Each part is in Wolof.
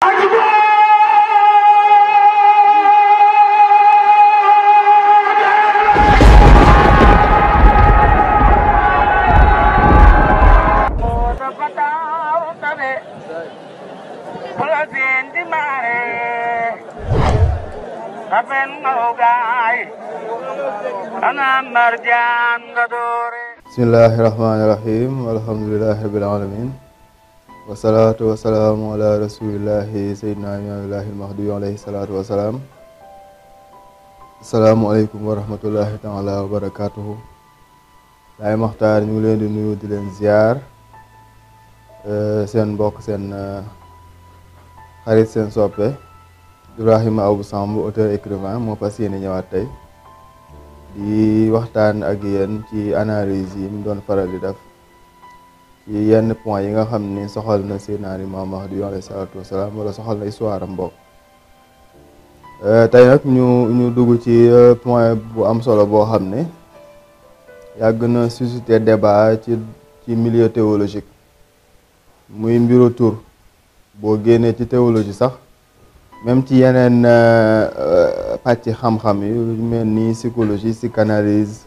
bismillahi rahmaani rahim alhamdulilahi rabbil alamin wassalatu wassalamu ala rasulillahi sayyidina imamillahi al-mahdi alaihi salatu wassalam asalaamaaleykum wa rahmatullahi taala wa lay daay ñu leen di nuyu eh, eh, di leen ziar seen mbokk seen xarit sen soppe ibrahim Abou Samb auteur écrivain mo fas yéene ñëwaat tay di waxtaan ak yeen ci analyse yi mu doon faral di def yenn point yi nga xam ni soxal na Seydina Limaamu Mahdi yu alayhi salaatu wasalaam wala soxal na histoire am boobu euh, tey nag ñu ñu dugg ci euh, point bu am solo boo xam ne yàgg na suscité débat ci ci milieu théologique muy mbiru tur boo génnee ci théologie sax même ci yeneen euh, pàcc xam-xam yi lu mel ni psychologie canalise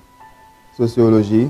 sociologie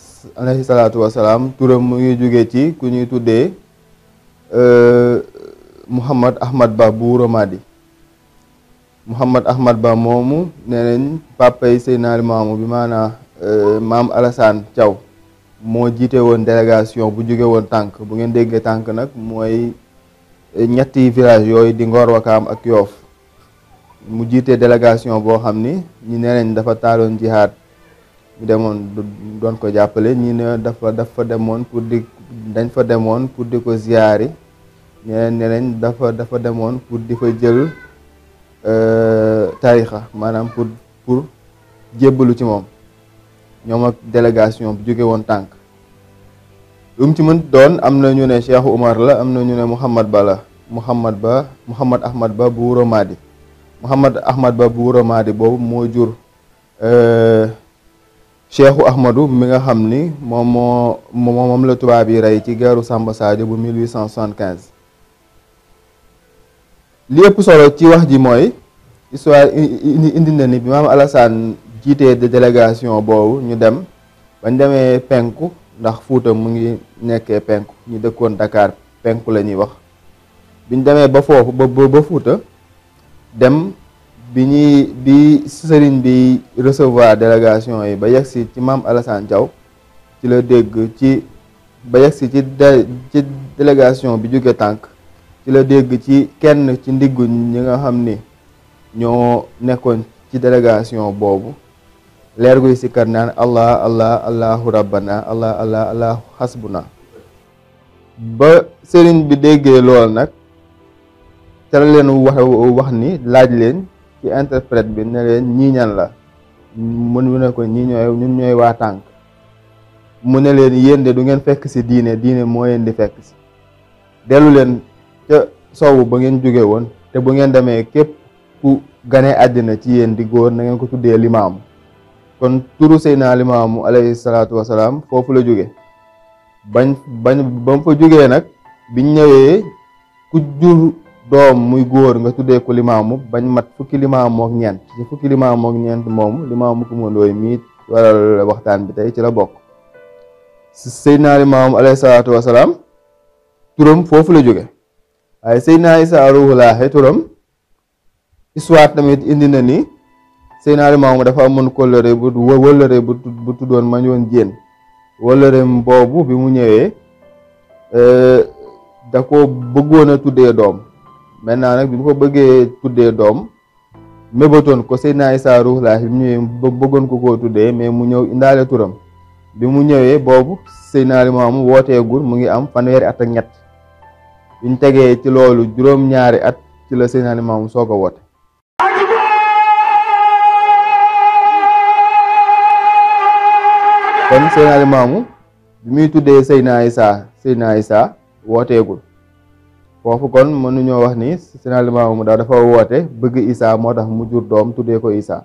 alayhi salaatu wasalaam turam mu ngi jóge ci ku ñuy tuddee euh, Mouhamad Ahmad Ba bu Romadi Mouhamad Ahmad Ba moomu nee nañ papay Seydina maamu bi maanaa euh, maam Alassane caw moo jiite woon délégation bu jóge woon tànk bu ngeen déggee tànk nag mooy euh, ñetti village yooyu di Ngor Wakaam ak Yoof mu jiite délégation boo xam ni ñu nee nañ dafa taaloon jihaad ñu don doon ko jàppale ñi ne dafa dafa demoon pour di dañ fa demoon pour di ko ziyaari ñeneen ñeneen dafa dafa demoon pour di fa jël euh, tarixa manam pour pour jébbalu ci mom ñom ak délégation bu joggé won tank lu ci mën doon amna ñu né Cheikh oumar la amna ñu né mohammed Ba mohammed Ba mohammed Ahmad Ba bu romadi mohammed Ahmad Ba bu romadi bobu mo jur euh, cheikhou ahmadou mi nga xamni momo mom mom la tuba bi ray ci geeru Samba Sadio bu 1875 li ëpp solo ci wax ji moy histoire indi na ni bi mam Alassane jité de délégation bobu ñu dem bañ panku penku ndax Fuuta mu ngi nekké penku ñu dekkone Dakar penku lañuy wax biñ démé ba fofu ba ba dem bi ñuy bi sëriñ bi recevoir délégation yi ba yegsi ci maam Alassane Diaw ci la dégg ci ba yegsi ci ci délégation bi jóge tànk ci la dégg ci kenn ci ndiggu ñi nga xam ni ñoo nekkoon ci délégation boobu leer guy sikkar naan allah allah allahu rabbana allah allah allahu xasbuna ba sëriñ bi déggee lool nag te la leen wax wax ni laaj leen ci interprète bi ne leen ñii ñan la mën mu ne ko ñi ñoy ñun ñoy wa tank mu ne leen yéen du ngeen fekk ci diine diine mo leen di fekk ci dellu leen ca sowwu ba ngeen jóge won te bu ngeen demee képp ku gané adina ci yéen di goor na ngeen ko tuddé limam kon turu sayna limam alayhi salatu wassalam fofu la jóge bañ bañ bam fa jógee nak biñ ñëwee ku jur dom, muy goor nga tuddé ko limaamu bañ mat fukki limaamu ak ñent ci fukki limaamu ak ñeent moomu limaamu Kumba Ndooy mi waral waxtaan bi tay ci la bokk Seydina Limaamu alayhi salatu wassalam turum fofu la jóge waaye Seydina Isaa Ruuhu Laahi turam histoire tamit indi na ni Seydina Limaamu dafa ko leere bu wolere bu bu tuddoon ma ñoon jeen wolere mbobu bi mu ñewé euh dako bëggoon tuddé dom maintenant nag bi mu ko bëggee tuddee doom mébatoon ko Seydina Issa Ruuhu Laahi bi mu ñëwee bëggoon ko koo tuddee mais mu ñëw indaale turam bi mu ñëwee boobu Seydina wooteegul mu ngi am fanweeri at ak ñett bi ñu tegee ci loolu juróom-ñaari at ci la Seydina Limaamu soog a woote. kon Seydina tuddee Seydina Issa Seydina Issa wooteegul. foofu kon mënuñoo wax ni Seydina Limaamu mu daal dafa woote bëgg isaa moo tax mu jur doom tuddee ko Isa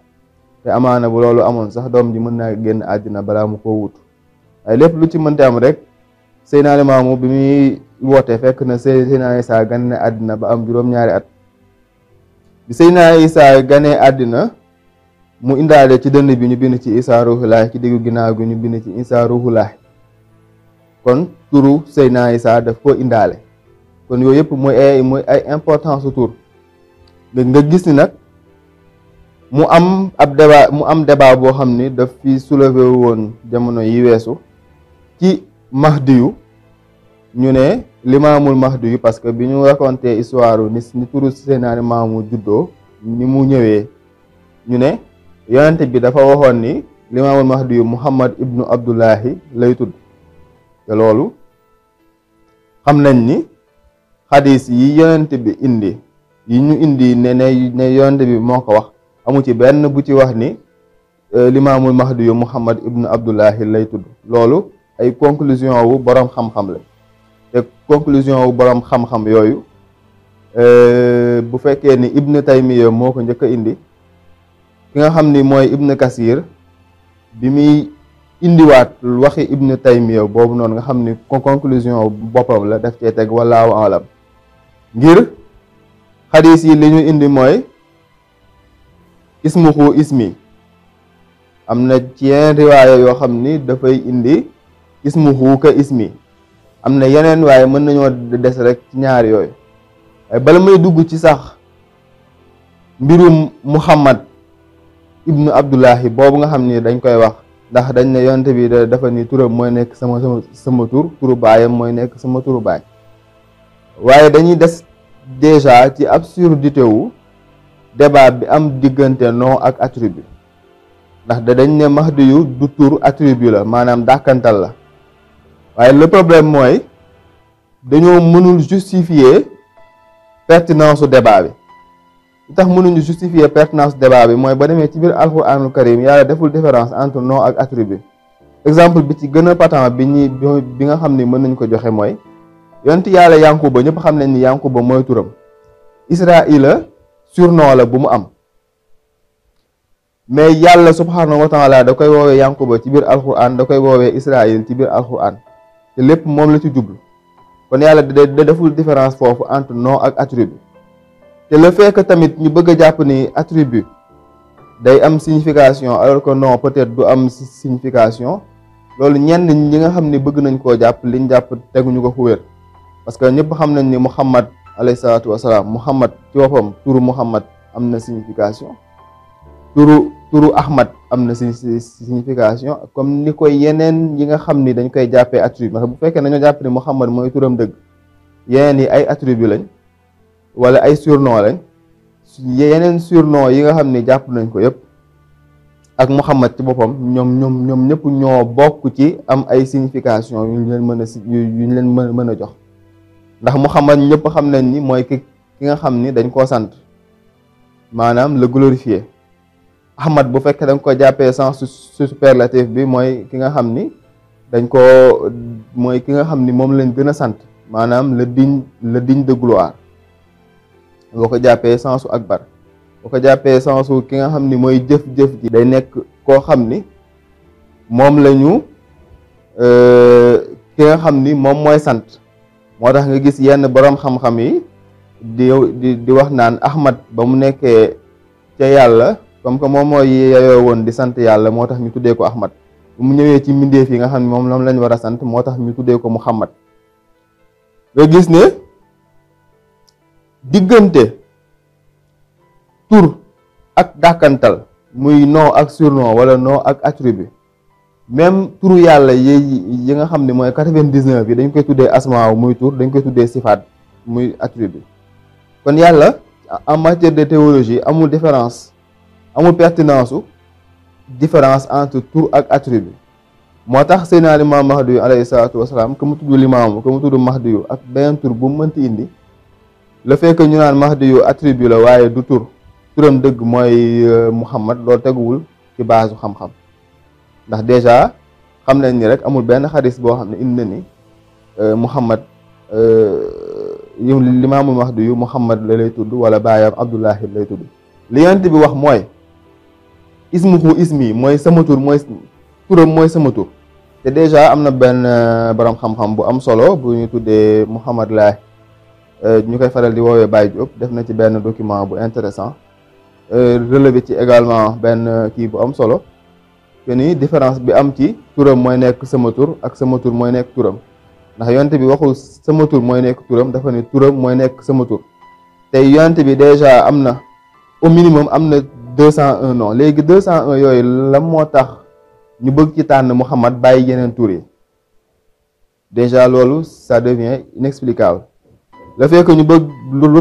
te amaana bu loolu amoon sax doom ji mën naa génn àddina balaa mu ko wut waaye lépp lu ci mënti am rek Seydina Limaamu bi muy woote fekk na Seydina saa gane àddina ba am juróom at bi Seydina Isa ganee àddina mu indaale ci dënn bi ñu bind ci Isa Ruhulaahi ci diggu ginnaaw gi ñu bind ci Isa Ruhulaahi kon turu Seydina saa daf ko indaale kon yooyu yëpp mooy ay mooy ay importance su tur nga gis ni nag mu am ab débat mu am débat boo xam ni daf fi soulevé woon jamono yi weesu ci mahdi yu ñu ne limaamul mahdi yu parce que bi ñu raconté histoire ni ni turu Seydina Limaamu juddoo ni mu ñëwee ñu ne yonent bi dafa waxoon ni limaamul mahdi yu Muhammad ibnu Abdullahi lay tudd te loolu xam nañ ni xadis yi yonent bi indi yi ñu indi ne ne ne yonent bi moo ko wax amu ci benn bu ci wax ni euh, limaamul mahdi yu muhammad ibnu abdullahi lay tudd loolu ay conclusion wu boroom xam-xam la te conclusion wu boroom xam-xam yooyu euh, bu fekkee ni ibnu taymiya moo ko njëkk a indi ki nga xam ni mooy ibnu kasir bi muy indiwaat waxi ibnu taymiya boobu noonu nga xam ni conclusion boppam la daf cee teg wallaahu alam ngir xadis yi li ñu indi mooy ismuhu ismi am na ci yeneen riwaaya yoo xam ni dafay indi ismuhu ka ismi am na yeneen waaye mën nañoo des rek ñaari yooyu waaye bala may dugg ci sax mbirum muhammad ibnu abdullahi boobu nga xam ni dañ koy wax ndax dañ ne yonte bi dafa ni turam mooy nekk sama sama sama tur turu baayam mooy nekk sama turu baay waaye dañuy des déjà ci absurdité wu débat bi am diggante non ak attribut ndax da dañ ne yu du tur attribut la maanaam dàkkantal la waaye le problème mooy dañoo mënul justifier pertinence su débat bi li tax mënuñu justifier pertinence débat bi mooy ba demee ci biir alxuraanul karim yàlla deful différence entre non ak attribut exemple bi ci gën a patent bi ñuy bi nga xam ni mën nañ ko joxe mooy yonent yalla yankuba ñep xam nañ ni yankuba moy turam israila surnom la bu mu am mais yalla subhanahu wa taala da koy wowe yankuba ci bir alquran da koy wowe israila ci bir alquran te lepp mom la ci djublu kon yalla da deful difference fofu entre nom ak attribut te le fait que tamit ñu bëgg japp ni attribut day am signification alors que non peut-être du am signification lolou ñenn ñi nga xamni bëgg nañ ko japp liñ téggu ñuko ko wër parce que ñëpp xam nañ ni Muhammad alayhi salaatu wasalaam Muhammad ci boppam turu Muhammad am na signification turu turu Ahmad am na signification comme ni koy yeneen yi nga xam ni dañ koy jàppee attribut parce bu fekkee nañoo jàpp ni Muhammad mooy turam dëgg yeneen yi ay attribut lañ wala ay surnom lañ yeneen surnom yi nga xam ni jàpp nañ ko yëpp ak Muhammad ci boppam ñoom ñoom ñoom ñëpp ñoo bokk ci am ay signification yu ñu leen mën a yu ñu leen mën a jox ndax mu Muhammad ñëpp xam nañ ni mooy ki ki nga xam ni dañ koo sant maanaam le glorifié Ahmad bu fekkee dañ ko jàppee sens superlatif bi mooy ki nga xam ni dañ koo mooy ki nga xam ni moom lañ gën a sant maanaam le digne le digne de gloire ko jàppee sensu akbar boo ko jàppee sensu ki nga xam ni mooy jëf-jëf ji day nekk koo xam ni moom la ñu euh, ki nga xam ni moom mooy sant moo tax nga gis yenn boroom xam-xam yi di di di wax naan Ahmad ba mu nekkee ca yàlla comme que moom mooy yeyoo woon di sant yàlla moo tax ñu tuddee ko Ahmad mu ñëwee ci mbindeef yi nga xam ne moom moom lañ war a sant moo tax ñu tuddee ko Muhammad nga gis ne diggante tur ak dàkkantal muy nom ak surnom wala nom ak bi même turu yàlla yi yi nga xam ne mooy quatre-vingt-dix-neuf yi dañ koy tuddee asmaaw muy tur dañ koy tuddee sifaat muy attribut kon yàlla en matière de théologie amul différence amul pertinence su différence entre tur ak attribut moo tax Seydina Limaam yu alayhi salaatu wasalaam ku mu tudd Limaamu ku mu tudd Mahdiyu ak beneen tur bu mu mënti indi le fekk ñu naan Mahdiyu attribut la waaye du tur turam dëgg mooy euh, Muhammad loolu teguwul ci base su xam ndax dèjà xam nañ ni rek amul benn xadis boo xam ne indi na ni Muhammad yow li maamul wax du yu Muhammad la lay tudd wala baayam Abdullahi lay tudd li yonent bi wax mooy ismuhu ismi mooy sama tur mooy turam mooy sama tur te dèjà am na benn borom xam-xam bu am solo bu ñu tuddee Muhammad Laay ñu koy faral di woowee Baye Diop def na ci benn document bu intéressant relevé ci également benn kii bu am solo que ni différence bi am ci turam moy nek sama tour ak sama tour moy nek turam ndax yonte bi waxul sama tour moy nek turam dafa ni turam moy nek sama tour tay yonte bi déjà amna au minimum amna 201 non léegi 201 yoy la motax ñu bëgg ci tan Muhammad bàyyi yenen tour yi déjà lolu ça devient inexplicable le fait que ñu bëgg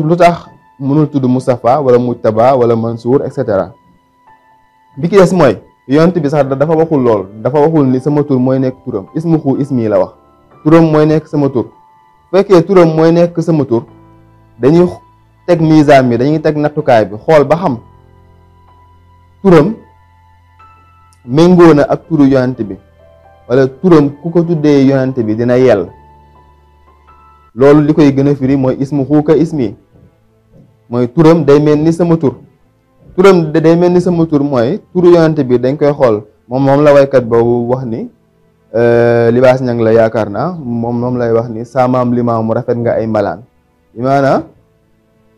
lu tax mënul tuddu mustafa wala Mujtaba wala Mansour et bi ki dess moy yonent bi sax dafa waxul lool dafa waxul ni sama tur mooy nekk turam ismuhu ismi la wax turam mooy nekk sama tur fekkee turam mooy nekk sama tur dañuy teg misaam bi dañuy teg nattukaay bi xool ba xam turam méngoo na ak turu yonent bi wala turam ku ko tuddee yonent bi dina yell loolu li koy gën a firi mooy ismuhu ka ismi mooy turam day mel ni sama tur turam day mel ni sama tur mooy turu yonante bi dañ koy xool moom moom la waykat boobu wax ni euh, libaas ñang la yaakaar naa moom moom lay wax ni saamaam limaam mu rafet nga ay malaan bi maanaam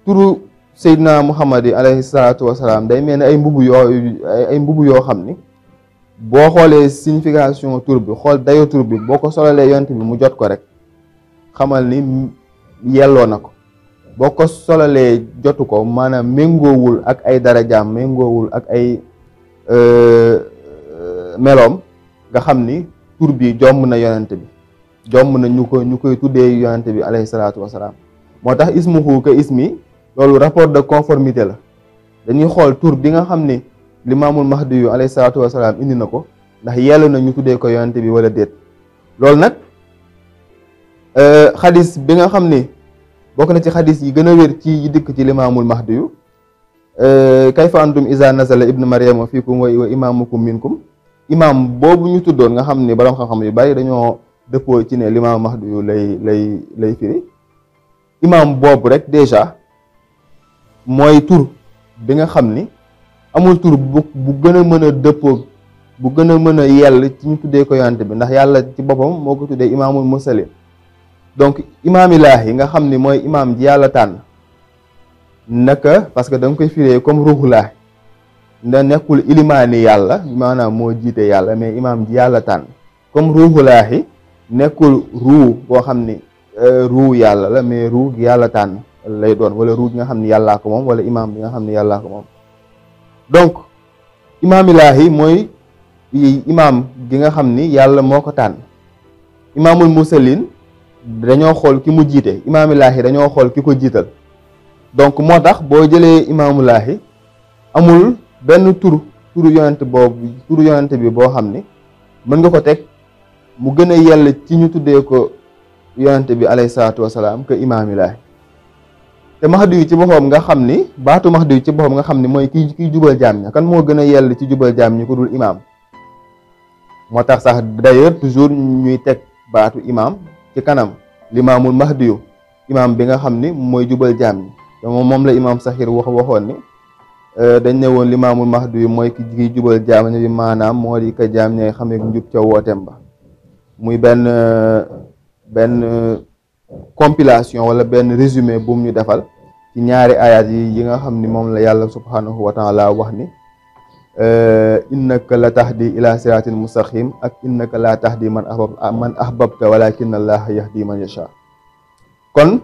turu Seydina Muhammad yi alayhi salaatu wasalaam day mel ni ay mbubu yoo ay mbubu yoo xam ni boo xoolee signification tur bi xool dayo tur bi boo ko solalee yonante bi mu jot ko rek xamal ni yelloo na ko boo ko solalee jotu ko maanaam méngoowul ak ay darajaam méngoowul ak ay euh, euh, meloom nga xam ni tur bii jomm na yonent bi jomm na ñu ko ñu koy tuddee yonent bi alayhi salaatu wasalaam moo tax ismuhu ka ismi loolu rapport de conformité la dañuy xool tur bi nga xam ni limaamul mahdi yu alayhi salaatu wasalaam indi na ko ndax yellu na ñu tuddee ko yonent bi walla déet loolu nag euh, xadis bi nga xam ni bokk na ci xadis yi gën a wér ci yi dikk ci limaamul mahdi yu kayfa antum isa nazala ibnu mariama fiikum wa imaamukum minkum imaam boobu ñu tuddoon nga xam ni borom xam-xam yu bari dañoo dëppoo ci ne limaamul mahdi yu lay lay lay firi imaam boobu rek déjà mooy tur bi nga xam ni amul tur bu bu gën a mën a dëppoo bu gën a mën a yell ci ñu tuddee ko yonante bi ndax yàlla ci boppam moo ko tuddee imaamul musalim donc imaamillah yi nga xam ni mooy imaam ji yàlla tànn naka parce que danga koy firee comme ruuxulaahi nda nekkul ilimaani yàlla maanaam moo jiite yàlla mais imaam ji yàlla tànn comme ruuxulaahi nekkul ruu xam ni euh, ruu yàlla la mais ruu yàlla tànn lay doon wala ruu gi nga xam ni yàllaa ko moom wala imaam bi nga xam ni yàllaa moom donc mooy imaam gi nga xam ni yàlla moo ko tànn imaamul musalin dañoo xool ki mu jiite imaamu laahi dañoo xool ki ko jiital donc moo tax boo jëlee imaamu laahi amul benn tur turu yonent boobu turu yonent bi boo xam ni mën nga ko teg mu gën a yell ci ñu tuddee ko yonent bi alayhi salaatu wasalaam que imaamu laahi te Mahdi ci boppam nga xam ni baatu Mahdi ci boppam nga xam ni mooy ki kiy jubal jaam ña kan moo gën a yell ci jubal jaam ñi ko dul imaam moo tax sax d'ailleurs toujours ñuy teg baatu imaam ci kanam limaamul mahdiyu imaam bi nga xam ni mooy jubal jaam ñi te moom la imaam saxir wax waxoon ni eh, dañ ne woon limaamul mahdiyu mooy ki gi jubal jaam ñi maanaam moo di ka jaam ñay xamee njub ca wooteem ba muy benn benn compilation wala benn résumé bu ñu defal ci ñaari ayat yi yi nga xam ni moom la yàlla subhanahu wa taala wax ni آه، إنك لا تهدي إلى سرات المستقيم أك إنك لا تهدي من أحبب من أحببت ولكن الله يهدي من يشاء كون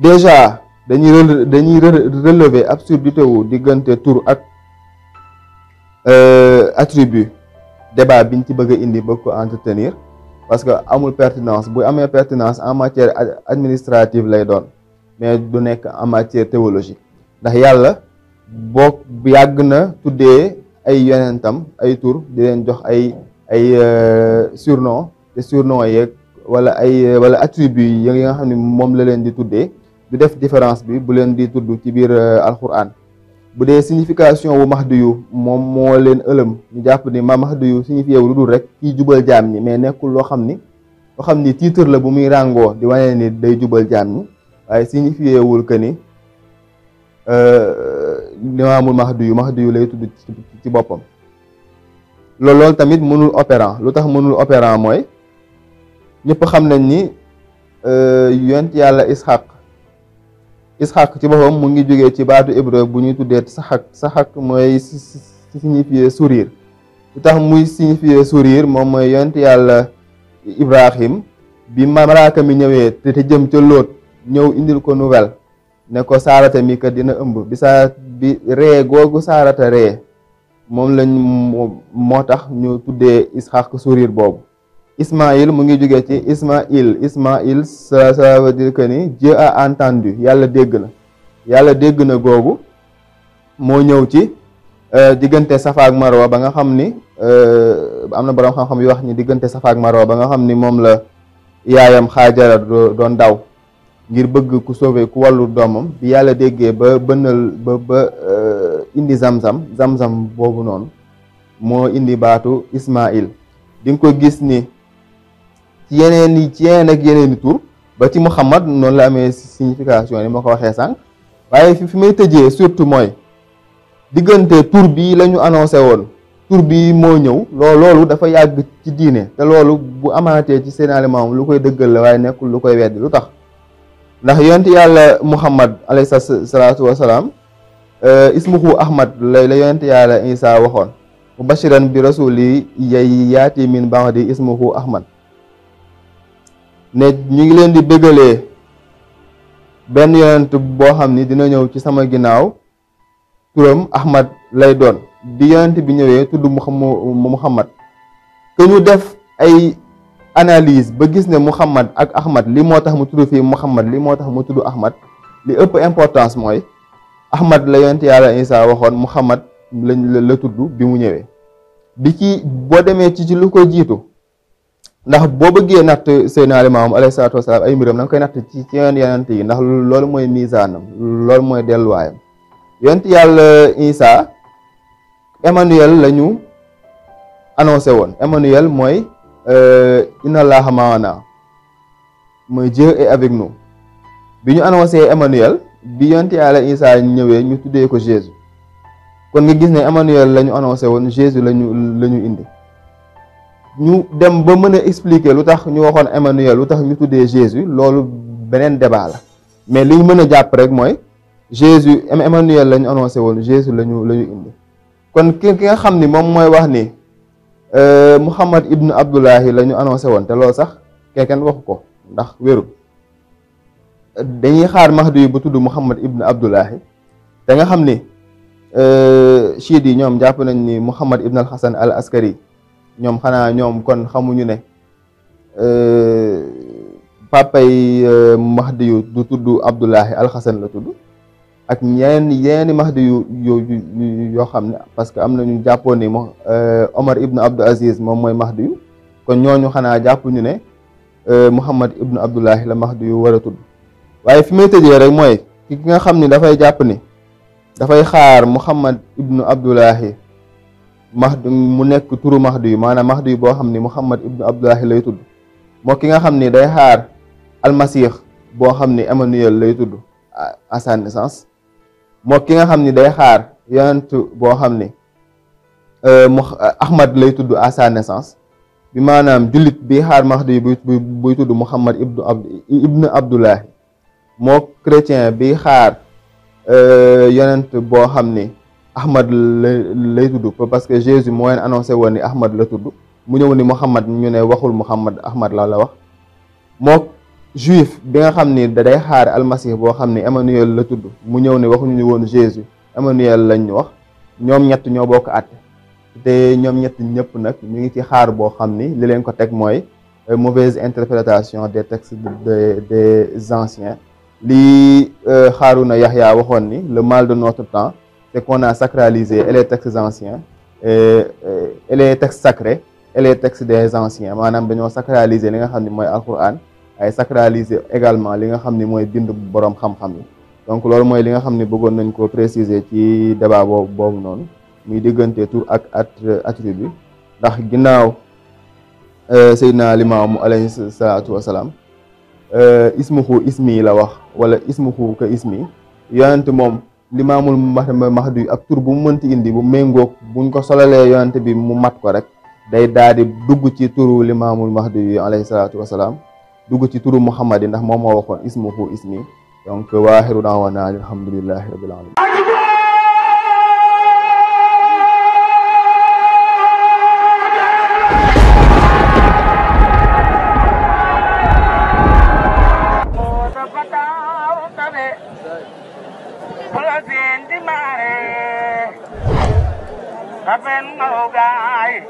ديجا دني دني رلوفي أبسوردته ودقنت تور أك أتريبي دبا بنتي بغي إندي بكو أنتتنير parce que amul pertinence bu amé pertinence en matière administrative lay doon mais du nek en boo yàgg na tuddee ay yonentam ay tur di leen jox ay ay euh, surnom te surnom yeeg wala ay wala attribut yi nga xam ne moom la leen di tuddee du def différence bi bu leen di tudd ci biir euh, alquran bu dee signification wu max mahdiyu moom moo leen ëlëm ñu jàpp ni ma mahdiyu signifié wu lu dul rek kii jubal jaam ñi mais nekkul loo xam ni loo xam ni titre la bu muy ràngoo di wane ni day jubal jaam ñi waaye signifié wul que ni. Euh, limaamul mahdi yu mahdi yu lay tudd ci boppam loolu loolu tamit mënul opérant lu tax mënul opérant mooy ñëpp xam nañ ni euh, yonent yàlla ishaq ishaq ci boppam mu ngi jógee ci baatu hébreu bu ñuy tuddee saxak saxak mooy signifier sourire lu tax muy signifier sourire moom mooy yont yàlla ibrahim bi malaaka mi ñëwee te jëm ca loot ñëw indil ko nouvelle ne ko saarata mi kat dina ëmb bisaa bi ree googu saarata ree moom lañ moo tax ñu tuddee isxaq sourire boobu ismail mu ngi jógee ci ismail ismail ça ça veut dire que ni Dieu a entendu yàlla dégg na yàlla dégg na googu moo ñëw ci euh, diggante Safa maro ba nga xam ni euh, am na boroom xam-xam yu wax ni diggante Safa ak Marwa ba nga xam ni moom la yaayam Xaajara doon daw ngir bëgg ku sauver ku wàllu doomam bi yàlla déggee ba bënnal ba ba euh, indi zam-zam zam boobu noonu moo indi baatu Ismaïl di nga ko gis ni ci yeneen i ci yeneen ak yeneen i tur ba ci Muhammad noonu la amee signification yi ma ko waxee sànq waaye fi may tëjee surtout mooy diggante tur bii lañu ñu annoncé woon tur bii moo ñëw loo loolu dafa yàgg ci diine te loolu bu amaatee ci seen élément lu koy dëggal la waaye nekkul lu koy weddi lu tax ndax yonent yàlla muhammad alayhi salaatu wasalaam euh, ismuhu ahmad la la yonent yàlla isa waxoon mubashiran bi rasuli yay yaati min ba'di ismuhu ahmad ne ñu ngi leen di bëggalee benn yonent boo xam ni dina ñëw ci sama ginnaaw turam ahmad lay doon bi yonent bi ñëwee tudd muhammad que ñu def ay analyse ba gis ne Mouhamad ak Ahmad lii moo tax mu tudd fii Mouhamad lii moo tax mu tudd Ahmad li ëpp importance mooy Ahmad la yonent yàlla Isa waxoon Mouhamad lañ la tudd bi mu ñëwee bi ci boo demee ci ci lu ko jiitu ndax boo bëggee natt Seydina Limaamu alayhi salaatu wa salaam ay mbiram da nga koy natt ci ci yeneen yonent yi ndax loolu mooy misaanam loolu mooy delluwaayam yonent yàlla Isa Emmanuel lañu ñu woon Emmanuel mooy. euh, Inna Allah maana mooy Dieu est avec nous bi ñu annoncé Emmanuel bi yonte Yàlla Isa ñëwee ñu tuddee ko Jésus kon nga gis ne Emmanuel la ñu annoncé woon Jésus la ñu la ñu indi ñu dem ba mën a expliquer lu tax ñu waxoon Emmanuel lu tax ñu tuddee Jésus loolu beneen débat la mais li ñu mën a jàpp rek mooy Jésus Emmanuel la ñu annoncé woon Jésus la ñu la ñu indi kon ki ki nga xam ni moom mooy wax ni. Euh, Mouhamad ibnu Abdullahi la ñu annoncé woon te loolu sax kenn waxu ko ndax wérul dañuy xaar Mahdi bu tudd Mouhamad ibnu Abdullahi te nga xam ni euh, chiit yi ñoom jàpp nañ ni Mouhamad ibn al Hasan al Askari ñoom xanaa ñoom kon xamuñu ne euh, papay Mahdi yu du tudd Abdullahi al Hasan la tudd. ak ñeen yeeni mahdi yu yu yo xamne parce que amna ñu jàppoon ni mo euh, Omar ibn Abdou Aziz mom moy mahdi yu kon ñoñu xana japp ñu ne euh, Muhammad ibn Abdullah la mahdi yu war a tudd fi may tëjee rek moy ki nga xamni da fay japp ni fay xaar Muhammad ibn Abdullah mahdi mu nek turu mahdi yu manam mahdi bo xamni Muhammad ibn Abdullah lay tud mo ki nga xamni day xaar al masih bo xamni Emmanuel lay tud à sa naissance moo ki nga xam ni day xaar yonent boo xam ni euh, mu euh, Ahmad lay tudd à sa naissance bi maanaam jullit bi xaar Mahdi buy buy tudd Muhammad ibnu Abd ibnu Abdullahi moo chrétien bi xaar euh, yonent boo xam ni Ahmad lay tudd parce que Jésus moo leen annoncé woon ni Ahmad la tudd mu ñëw ni Muhammad ñu ne waxul Muhammad Ahmad la la wax moo juif bi nga xamni da day xaar al masih bo xamni Emmanuel la tuddu mu ñew ni waxu ñu woon Jésus Emmanuel lañ wax ñom ñett ñoo bokk àtte té ñom ñett ñëpp nak ñu ngi ci xaar bo xamni li leen ko tek moy euh, mauvaise interprétation des textes de des anciens li euh, Harouna Yahya waxoon ni le mal de notre temps c'est qu'on a sacralisé les textes anciens et, euh, les textes sacrés et les textes des anciens manam dañu sacraliser li nga xamni moy mooy alquran ay sacraliser également li nga xam ni mooy bind boroom xam-xam yi donc loolu mooy li nga xam ni bëggoon nañ ko préciser ci débat boobu noonu muy diggante tur ak at bi ndax ginnaaw euh, Seydina Limaamu alayhi salaatu wasalaam euh, ismuhu ismi la wax wala ismuhu ka ismi yonent moom limaamul mahdi ak tur bu mu mënti indi bu méngoog buñ ko solalee yonent bi mu mat ko rek day daal di dugg ci turu limaamul mahdi alayhi salaatu wasalaam dugg ci turu muhammad ndax mom mo waxoon ismuhu ismi donc wa waaxiru daawana alhamdulillah rabbil alamin Apen mau gai,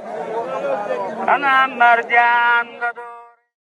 anam marjan gadu.